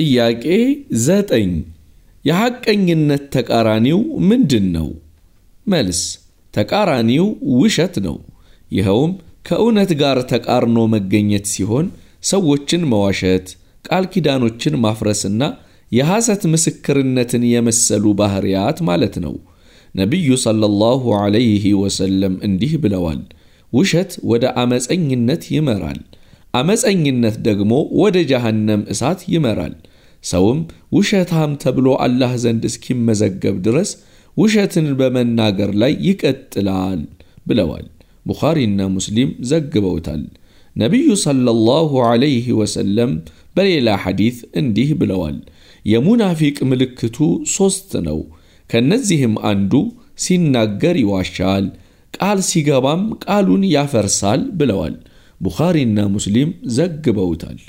ጥያቄ ዘጠኝ የሐቀኝነት ተቃራኒው ምንድን ነው? መልስ ተቃራኒው ውሸት ነው። ይኸውም ከእውነት ጋር ተቃርኖ መገኘት ሲሆን ሰዎችን መዋሸት፣ ቃል ኪዳኖችን ማፍረስና የሐሰት ምስክርነትን የመሰሉ ባህሪያት ማለት ነው። ነቢዩ ሰለላሁ ዐለይሂ ወሰለም እንዲህ ብለዋል፣ ውሸት ወደ አመፀኝነት ይመራል፣ አመፀኝነት ደግሞ ወደ ጀሃነም እሳት ይመራል። ሰውም ውሸታም ተብሎ አላህ ዘንድ እስኪመዘገብ ድረስ ውሸትን በመናገር ላይ ይቀጥላል ብለዋል። ቡኻሪና ሙስሊም ዘግበውታል። ነቢዩ ሰለላሁ ዐለይሂ ወሰለም በሌላ ሐዲት እንዲህ ብለዋል። የሙናፊቅ ምልክቱ ሦስት ነው። ከነዚህም አንዱ ሲናገር ይዋሻል፣ ቃል ሲገባም ቃሉን ያፈርሳል ብለዋል። ቡኻሪና ሙስሊም ዘግበውታል።